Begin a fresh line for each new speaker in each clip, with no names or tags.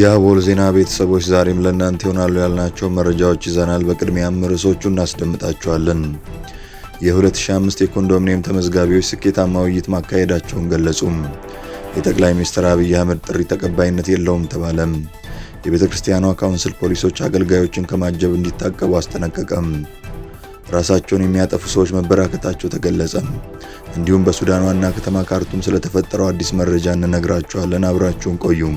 የአቦል ዜና ቤተሰቦች ዛሬም ለእናንተ ይሆናሉ ያልናቸው መረጃዎች ይዘናል። በቅድሚያም ርዕሶቹ እናስደምጣቸዋለን። የ2005 የኮንዶሚኒየም ተመዝጋቢዎች ስኬታማ ውይይት ማካሄዳቸውን ገለጹም። የጠቅላይ ሚኒስትር አብይ አህመድ ጥሪ ተቀባይነት የለውም ተባለም። የቤተ ክርስቲያኗ ካውንስል ፖሊሶች አገልጋዮችን ከማጀብ እንዲታቀቡ አስጠነቀቀም። ራሳቸውን የሚያጠፉ ሰዎች መበራከታቸው ተገለጸ። እንዲሁም በሱዳን ዋና ከተማ ካርቱም ስለተፈጠረው አዲስ መረጃ እንነግራችኋለን። አብራችሁን ቆዩም።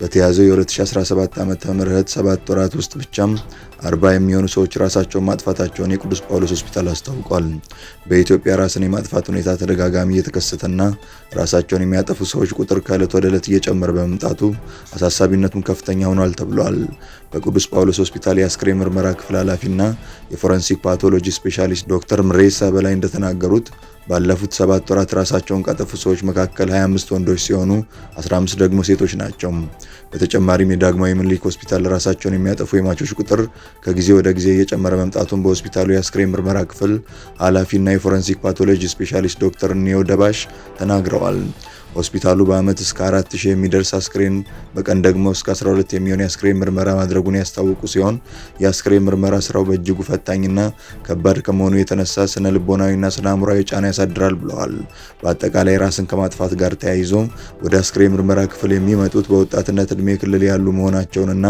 በተያዘው የ2017 ዓ ም ሰባት ወራት ውስጥ ብቻም 40 የሚሆኑ ሰዎች ራሳቸውን ማጥፋታቸውን የቅዱስ ጳውሎስ ሆስፒታል አስታውቋል። በኢትዮጵያ ራስን የማጥፋት ሁኔታ ተደጋጋሚ እየተከሰተና ራሳቸውን የሚያጠፉ ሰዎች ቁጥር ከዕለት ወደ ዕለት እየጨመረ በመምጣቱ አሳሳቢነቱም ከፍተኛ ሆኗል ተብሏል። በቅዱስ ጳውሎስ ሆስፒታል የአስክሬን ምርመራ ክፍል ኃላፊና የፎረንሲክ ፓቶሎጂ ስፔሻሊስት ዶክተር ምሬሳ በላይ እንደተናገሩት ባለፉት ሰባት ወራት ራሳቸውን ካጠፉ ሰዎች መካከል 25 ወንዶች ሲሆኑ 15 ደግሞ ሴቶች ናቸው። በተጨማሪም የዳግማዊ ምኒልክ ሆስፒታል ራሳቸውን የሚያጠፉ የሟቾች ቁጥር ከጊዜ ወደ ጊዜ እየጨመረ መምጣቱን በሆስፒታሉ የአስክሬን ምርመራ ክፍል ኃላፊና የፎረንሲክ ፓቶሎጂ ስፔሻሊስት ዶክተር ኒዮ ደባሽ ተናግረዋል። ሆስፒታሉ በዓመት እስከ 4000 የሚደርስ አስክሬን በቀን ደግሞ እስከ 12 የሚሆን የአስክሬን ምርመራ ማድረጉን ያስታወቁ ሲሆን የአስክሬን ምርመራ ስራው በእጅጉ ፈታኝና ከባድ ከመሆኑ የተነሳ ስነ ልቦናዊና ስነ አእምሯዊ ጫና ያሳድራል ብለዋል። በአጠቃላይ ራስን ከማጥፋት ጋር ተያይዞ ወደ አስክሬን ምርመራ ክፍል የሚመጡት በወጣትነት እድሜ ክልል ያሉ መሆናቸውንና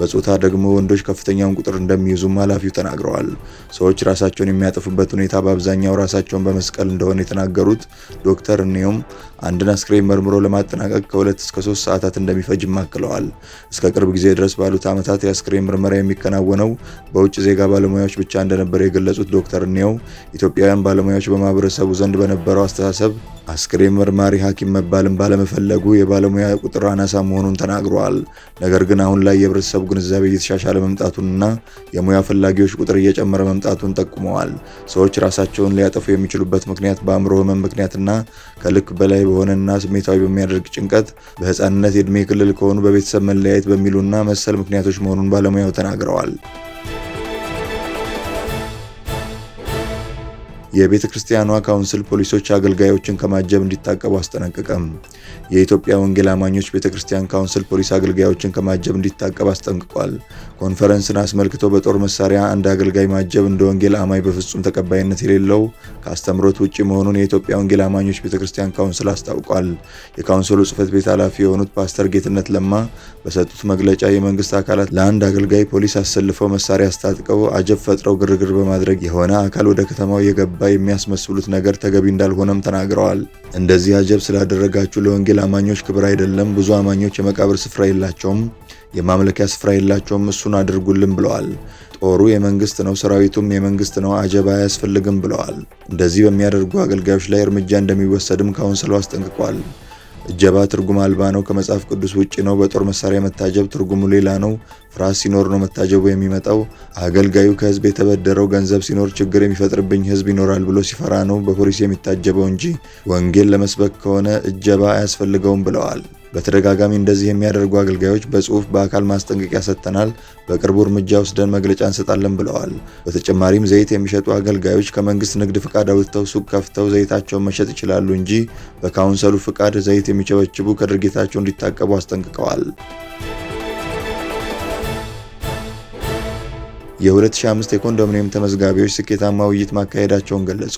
በጾታ ደግሞ ወንዶች ከፍተኛውን ቁጥር እንደሚይዙም ኃላፊው ተናግረዋል። ሰዎች ራሳቸውን የሚያጠፉበት ሁኔታ በአብዛኛው ራሳቸውን በመስቀል እንደሆነ የተናገሩት ዶክተር እኒዮም አንድን አስክሬን መርምሮ ለማጠናቀቅ ከሁለት እስከ ሶስት ሰዓታት እንደሚፈጅም አክለዋል። እስከ ቅርብ ጊዜ ድረስ ባሉት ዓመታት የአስክሬን ምርመራ የሚከናወነው በውጭ ዜጋ ባለሙያዎች ብቻ እንደነበር የገለጹት ዶክተር ኒዮ ኢትዮጵያውያን ባለሙያዎች በማህበረሰቡ ዘንድ በነበረው አስተሳሰብ አስክሬን መርማሪ ሐኪም መባልን ባለመፈለጉ የባለሙያ ቁጥር አናሳ መሆኑን ተናግረዋል። ነገር ግን አሁን ላይ የህብረተሰቡ ግንዛቤ እየተሻሻለ መምጣቱንና የሙያ ፈላጊዎች ቁጥር እየጨመረ መምጣቱን ጠቁመዋል። ሰዎች ራሳቸውን ሊያጠፉ የሚችሉበት ምክንያት በአእምሮ ህመም ምክንያትና ከልክ በላይ በሆነና ስሜታዊ በሚያደርግ ጭንቀት፣ በህፃንነት የእድሜ ክልል ከሆኑ በቤተሰብ መለያየት በሚሉና መሰል ምክንያቶች መሆኑን ባለሙያው ተናግረዋል።
የቤተ ክርስቲያኗ ካውንስል ፖሊሶች አገልጋዮችን ከማጀብ እንዲታቀቡ አስጠነቀቀም። የኢትዮጵያ ወንጌል አማኞች ቤተ ክርስቲያን ካውንስል ፖሊስ አገልጋዮችን ከማጀብ እንዲታቀብ አስጠንቅቋል። ኮንፈረንስን አስመልክቶ በጦር መሳሪያ አንድ አገልጋይ ማጀብ እንደ ወንጌል አማኝ በፍጹም ተቀባይነት የሌለው ከአስተምሮት ውጭ መሆኑን የኢትዮጵያ ወንጌል አማኞች ቤተ ክርስቲያን ካውንስል አስታውቋል። የካውንስሉ ጽህፈት ቤት ኃላፊ የሆኑት ፓስተር ጌትነት ለማ በሰጡት መግለጫ የመንግስት አካላት ለአንድ አገልጋይ ፖሊስ አሰልፈው መሳሪያ አስታጥቀው አጀብ ፈጥረው ግርግር በማድረግ የሆነ አካል ወደ ከተማው የገባ የተቀባ የሚያስመስሉት ነገር ተገቢ እንዳልሆነም ተናግረዋል። እንደዚህ አጀብ ስላደረጋችሁ ለወንጌል አማኞች ክብር አይደለም። ብዙ አማኞች የመቃብር ስፍራ የላቸውም፣ የማምለኪያ ስፍራ የላቸውም። እሱን አድርጉልን ብለዋል። ጦሩ የመንግስት ነው፣ ሰራዊቱም የመንግስት ነው። አጀብ አያስፈልግም ብለዋል። እንደዚህ በሚያደርጉ አገልጋዮች ላይ እርምጃ እንደሚወሰድም ካውንስሉ አስጠንቅቋል። እጀባ ትርጉም አልባ ነው፣ ከመጽሐፍ ቅዱስ ውጭ ነው። በጦር መሳሪያ መታጀብ ትርጉሙ ሌላ ነው። ፍርሃት ሲኖር ነው መታጀቡ የሚመጣው። አገልጋዩ ከህዝብ የተበደረው ገንዘብ ሲኖር ችግር የሚፈጥርብኝ ህዝብ ይኖራል ብሎ ሲፈራ ነው በፖሊስ የሚታጀበው እንጂ ወንጌል ለመስበክ ከሆነ እጀባ አያስፈልገውም ብለዋል። በተደጋጋሚ እንደዚህ የሚያደርጉ አገልጋዮች በጽሁፍ በአካል ማስጠንቀቂያ ሰጥተናል፣ በቅርቡ እርምጃ ወስደን መግለጫ እንሰጣለን ብለዋል። በተጨማሪም ዘይት የሚሸጡ አገልጋዮች ከመንግስት ንግድ ፍቃድ አውጥተው ሱቅ ከፍተው ዘይታቸውን መሸጥ ይችላሉ እንጂ በካውንሰሉ ፍቃድ ዘይት የሚቸበችቡ ከድርጊታቸው እንዲታቀቡ አስጠንቅቀዋል።
የ2005 የኮንዶሚኒየም ተመዝጋቢዎች ስኬታማ ውይይት ማካሄዳቸውን ገለጹ።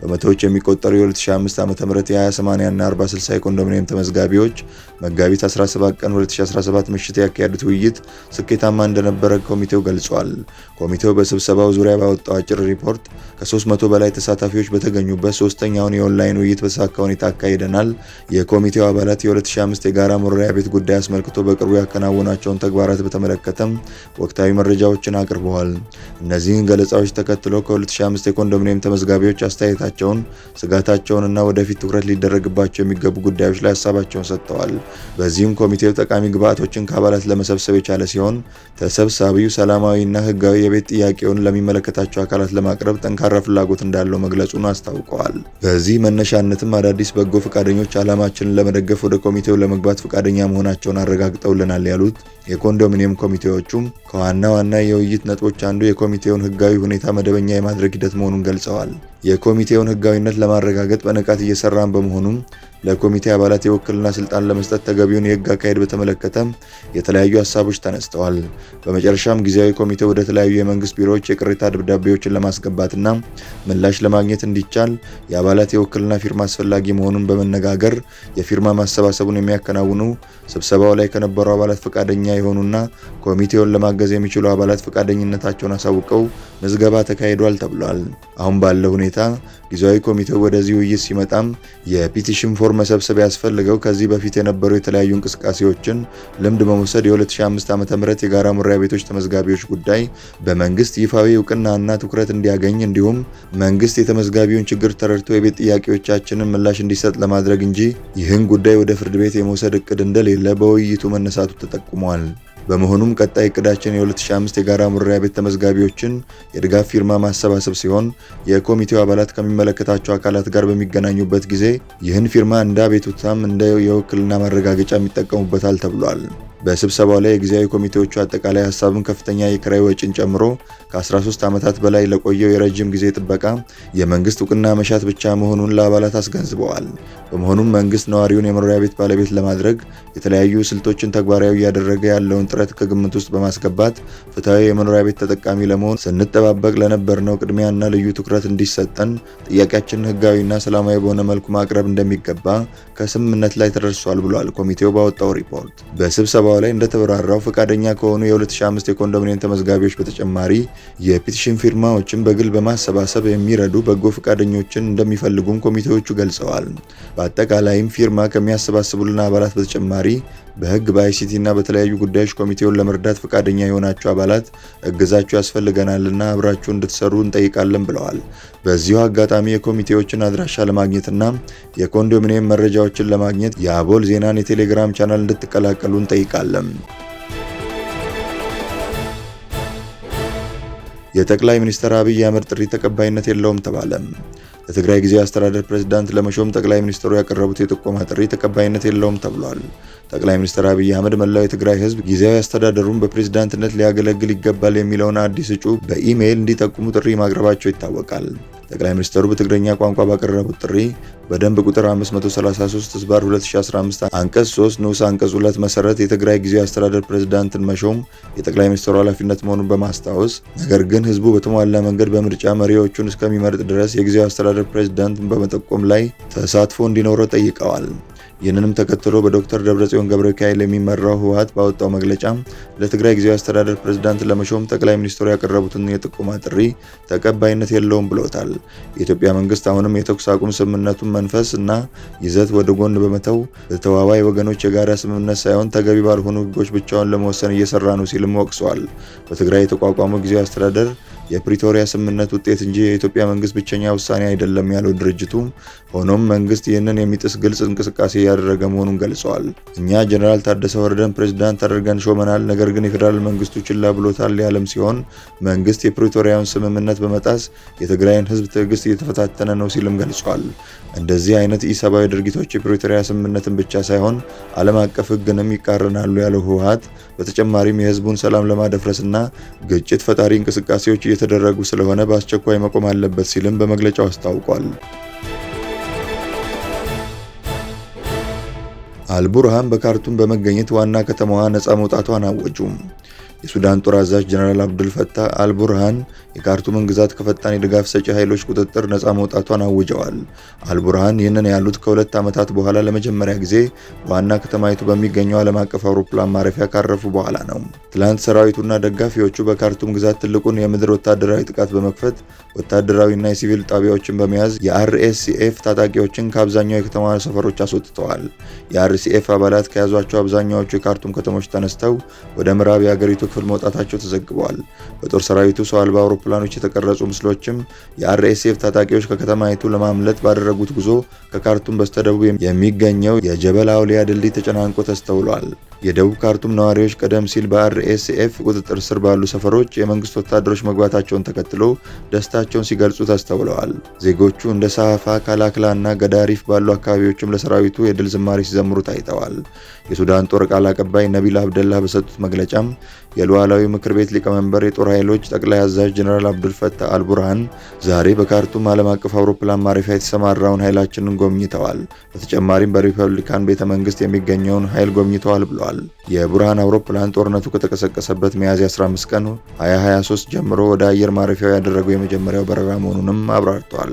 በመቶዎች የሚቆጠሩ የ2005 ዓ.ም የ20/80 እና 40/60 የኮንዶሚኒየም ተመዝጋቢዎች መጋቢት 17 ቀን 2017 ምሽት ያካሄዱት ውይይት ስኬታማ እንደነበረ ኮሚቴው ገልጿል። ኮሚቴው በስብሰባው ዙሪያ ባወጣው አጭር ሪፖርት ከ300 በላይ ተሳታፊዎች በተገኙበት ሶስተኛውን የኦንላይን ውይይት በተሳካ ሁኔታ አካሂደናል። የኮሚቴው አባላት የ2005 የጋራ መኖሪያ ቤት ጉዳይ አስመልክቶ በቅርቡ ያከናወናቸውን ተግባራት በተመለከተም ወቅታዊ መረጃዎችን አቅርበዋል። አቅርበዋል። እነዚህን ገለጻዎች ተከትሎ ከ2005 የኮንዶሚኒየም ተመዝጋቢዎች አስተያየታቸውን፣ ስጋታቸውንና ወደፊት ትኩረት ሊደረግባቸው የሚገቡ ጉዳዮች ላይ ሀሳባቸውን ሰጥተዋል። በዚህም ኮሚቴው ጠቃሚ ግብዓቶችን ከአባላት ለመሰብሰብ የቻለ ሲሆን ተሰብሳቢው ሰላማዊና ህጋዊ የቤት ጥያቄውን ለሚመለከታቸው አካላት ለማቅረብ ጠንካራ ፍላጎት እንዳለው መግለጹን አስታውቀዋል። በዚህ መነሻነትም አዳዲስ በጎ ፈቃደኞች ዓላማችንን ለመደገፍ ወደ ኮሚቴው ለመግባት ፈቃደኛ መሆናቸውን አረጋግጠውልናል ያሉት የኮንዶሚኒየም ኮሚቴዎቹም ከዋና ዋና የውይይት ነጥቦች አንዱ የኮሚቴውን ህጋዊ ሁኔታ መደበኛ የማድረግ ሂደት መሆኑን ገልጸዋል። የኮሚቴውን ህጋዊነት ለማረጋገጥ በንቃት እየሰራን በመሆኑም ለኮሚቴ አባላት የውክልና ስልጣን ለመስጠት ተገቢውን የህግ አካሄድ በተመለከተ የተለያዩ ሀሳቦች ተነስተዋል። በመጨረሻም ጊዜያዊ ኮሚቴ ወደ ተለያዩ የመንግስት ቢሮዎች የቅሬታ ደብዳቤዎችን ለማስገባትና ምላሽ ለማግኘት እንዲቻል የአባላት የውክልና ፊርማ አስፈላጊ መሆኑን በመነጋገር የፊርማ ማሰባሰቡን የሚያከናውኑ ስብሰባው ላይ ከነበሩ አባላት ፈቃደኛ የሆኑና ኮሚቴውን ለማገዝ የሚችሉ አባላት ፈቃደኝነታቸውን አሳውቀው ምዝገባ ተካሂዷል ተብሏል። አሁን ባለው ሁኔታ ጊዜያዊ ኮሚቴው ወደዚህ ውይይት ሲመጣም የፒቲሽን ጥቁር መሰብሰብ ያስፈልገው ከዚህ በፊት የነበሩ የተለያዩ እንቅስቃሴዎችን ልምድ በመውሰድ የ2005 ም የጋራ መኖሪያ ቤቶች ተመዝጋቢዎች ጉዳይ በመንግስት ይፋዊ እውቅናና ትኩረት እንዲያገኝ እንዲሁም መንግስት የተመዝጋቢውን ችግር ተረድቶ የቤት ጥያቄዎቻችንን ምላሽ እንዲሰጥ ለማድረግ እንጂ ይህን ጉዳይ ወደ ፍርድ ቤት የመውሰድ እቅድ እንደሌለ በውይይቱ መነሳቱ ተጠቁሟል። በመሆኑም ቀጣይ እቅዳችን የ2005 የጋራ መኖሪያ ቤት ተመዝጋቢዎችን የድጋፍ ፊርማ ማሰባሰብ ሲሆን የኮሚቴው አባላት ከሚመለከታቸው አካላት ጋር በሚገናኙበት ጊዜ ይህን ፊርማ እንደ አቤቱታም እንደ የውክልና ማረጋገጫ ይጠቀሙበታል ተብሏል። በስብሰባው ላይ የጊዜያዊ ኮሚቴዎቹ አጠቃላይ ሀሳብን ከፍተኛ የክራይ ወጪን ጨምሮ ከ13 ዓመታት በላይ ለቆየው የረጅም ጊዜ ጥበቃ የመንግስት እውቅና መሻት ብቻ መሆኑን ለአባላት አስገንዝበዋል። በመሆኑም መንግስት ነዋሪውን የመኖሪያ ቤት ባለቤት ለማድረግ የተለያዩ ስልቶችን ተግባራዊ እያደረገ ያለውን ጥረት ከግምት ውስጥ በማስገባት ፍትሐዊ የመኖሪያ ቤት ተጠቃሚ ለመሆን ስንጠባበቅ ለነበርነው ቅድሚያና ልዩ ትኩረት እንዲሰጠን ጥያቄያችንን ህጋዊና ሰላማዊ በሆነ መልኩ ማቅረብ እንደሚገባ ከስምምነት ላይ ተደርሷል ብሏል ኮሚቴው ባወጣው ሪፖርት በስብሰባ ስብሰባው ላይ እንደተብራራው ፈቃደኛ ከሆኑ የ2005 የኮንዶሚኒየም ተመዝጋቢዎች በተጨማሪ የፒቲሽን ፊርማዎችን በግል በማሰባሰብ የሚረዱ በጎ ፈቃደኞችን እንደሚፈልጉም ኮሚቴዎቹ ገልጸዋል። በአጠቃላይም ፊርማ ከሚያሰባስቡልን አባላት በተጨማሪ በህግ በአይሲቲ እና በተለያዩ ጉዳዮች ኮሚቴውን ለመርዳት ፈቃደኛ የሆናቸው አባላት እገዛችሁ ያስፈልገናልና አብራችሁ እንድትሰሩ እንጠይቃለን ብለዋል። በዚሁ አጋጣሚ የኮሚቴዎችን አድራሻ ለማግኘትና የኮንዶሚኒየም መረጃዎችን ለማግኘት የአቦል ዜናን የቴሌግራም ቻናል እንድትቀላቀሉ እንጠይቃለን። እንጠብቃለን።
የጠቅላይ ሚኒስትር አብይ አህመድ ጥሪ ተቀባይነት የለውም ተባለ። ለትግራይ ጊዜ አስተዳደር ፕሬዝዳንት ለመሾም ጠቅላይ ሚኒስትሩ ያቀረቡት የጥቆማ ጥሪ ተቀባይነት የለውም ተብሏል። ጠቅላይ ሚኒስትር አብይ አህመድ መላው የትግራይ ህዝብ ጊዜያዊ አስተዳደሩን በፕሬዝዳንትነት ሊያገለግል ይገባል የሚለውን አዲስ እጩ በኢሜይል እንዲጠቁሙ ጥሪ ማቅረባቸው ይታወቃል። ጠቅላይ ሚኒስትሩ በትግረኛ ቋንቋ ባቀረቡት ጥሪ በደንብ ቁጥር 533 ስባር 2015 አንቀጽ 3 ንዑስ አንቀጽ 2 መሰረት የትግራይ ጊዜ አስተዳደር ፕሬዝዳንትን መሾም የጠቅላይ ሚኒስትሩ ኃላፊነት መሆኑን በማስታወስ ነገር ግን ህዝቡ በተሟላ መንገድ በምርጫ መሪዎቹን እስከሚመርጥ ድረስ የጊዜ አስተዳደር ፕሬዝዳንትን በመጠቆም ላይ ተሳትፎ እንዲኖረው ጠይቀዋል። ይህንንም ተከትሎ በዶክተር ደብረጽዮን ገብረ ሚካኤል የሚመራው ህወሀት ባወጣው መግለጫ ለትግራይ ጊዜያዊ አስተዳደር ፕሬዝዳንት ለመሾም ጠቅላይ ሚኒስትሩ ያቀረቡትን የጥቆማ ጥሪ ተቀባይነት የለውም ብሎታል። የኢትዮጵያ መንግስት አሁንም የተኩስ አቁም ስምምነቱን መንፈስ እና ይዘት ወደ ጎን በመተው በተዋዋይ ወገኖች የጋራ ስምምነት ሳይሆን ተገቢ ባልሆኑ ህጎች ብቻውን ለመወሰን እየሰራ ነው ሲልም ወቅሰዋል። በትግራይ የተቋቋመው ጊዜያዊ አስተዳደር የፕሪቶሪያ ስምምነት ውጤት እንጂ የኢትዮጵያ መንግስት ብቸኛ ውሳኔ አይደለም ያለው ድርጅቱ፣ ሆኖም መንግስት ይህንን የሚጥስ ግልጽ እንቅስቃሴ እያደረገ መሆኑን ገልጸዋል። እኛ ጀኔራል ታደሰ ወረደን ፕሬዝዳንት አድርገን ሾመናል፣ ነገር ግን የፌዴራል መንግስቱ ችላ ብሎታል ያለም ሲሆን መንግስት የፕሪቶሪያውን ስምምነት በመጣስ የትግራይን ህዝብ ትዕግስት እየተፈታተነ ነው ሲልም ገልጿል። እንደዚህ አይነት ኢሰብአዊ ድርጊቶች የፕሪቶሪያ ስምምነትን ብቻ ሳይሆን ዓለም አቀፍ ህግንም ይቃረናሉ ያለው ህወሀት በተጨማሪም የህዝቡን ሰላም ለማደፍረስና ግጭት ፈጣሪ እንቅስቃሴዎች የተደረጉ ስለሆነ በአስቸኳይ መቆም አለበት ሲልም በመግለጫው አስታውቋል።
አልቡርሃን በካርቱም በመገኘት ዋና ከተማዋ ነፃ መውጣቷን አወጁ። የሱዳን ጦር አዛዥ ጀነራል አብዱል አልቡርሃን የካርቱምን ግዛት ከፈጣን የድጋፍ ሰጪ ኃይሎች ቁጥጥር ነፃ መውጣቷን አውጀዋል። አልቡርሃን ይህንን ያሉት ከሁለት ዓመታት በኋላ ለመጀመሪያ ጊዜ በዋና ከተማይቱ በሚገኘው ዓለም አቀፍ አውሮፕላን ማረፊያ ካረፉ በኋላ ነው። ትላንት ሰራዊቱና ደጋፊዎቹ በካርቱም ግዛት ትልቁን የምድር ወታደራዊ ጥቃት በመክፈት ወታደራዊና የሲቪል ጣቢያዎችን በመያዝ የአርኤስሲኤፍ ታጣቂዎችን ከአብዛኛው የከተማ ሰፈሮች አስወጥተዋል። የአርሲኤፍ አባላት ከያዟቸው አብዛኛዎቹ የካርቱም ከተሞች ተነስተው ወደ ምዕራብ የአገሪቱ ክፍል መውጣታቸው ተዘግበዋል። በጦር ሰራዊቱ ሰው አልባ አውሮፕላኖች የተቀረጹ ምስሎችም የአርኤስኤፍ ታጣቂዎች ከከተማይቱ ለማምለጥ ባደረጉት ጉዞ ከካርቱም በስተደቡብ የሚገኘው የጀበል አውሊያ ድልድይ ተጨናንቆ ተስተውሏል። የደቡብ ካርቱም ነዋሪዎች ቀደም ሲል በአርኤስኤፍ ቁጥጥር ስር ባሉ ሰፈሮች የመንግስት ወታደሮች መግባታቸውን ተከትሎ ደስታቸውን ሲገልጹ ተስተውለዋል። ዜጎቹ እንደ ሳፋ፣ ካላክላ እና ገዳሪፍ ባሉ አካባቢዎችም ለሰራዊቱ የድል ዝማሬ ሲዘምሩ ታይተዋል። የሱዳን ጦር ቃል አቀባይ ነቢል አብደላህ በሰጡት መግለጫም የሉዓላዊ ምክር ቤት ሊቀመንበር የጦር ኃይሎች ጠቅላይ አዛዥ ጀኔራል አብዱልፈታህ አልቡርሃን ዛሬ በካርቱም ዓለም አቀፍ አውሮፕላን ማረፊያ የተሰማራውን ኃይላችንን ጎብኝተዋል። በተጨማሪም በሪፐብሊካን ቤተ መንግስት የሚገኘውን ኃይል ጎብኝተዋል ብለዋል። የቡርሃን አውሮፕላን ጦርነቱ ከተቀሰቀሰበት ሚያዝያ 15 ቀን 2023 ጀምሮ ወደ አየር ማረፊያው ያደረገው የመጀመሪያው በረራ መሆኑንም አብራርቷል።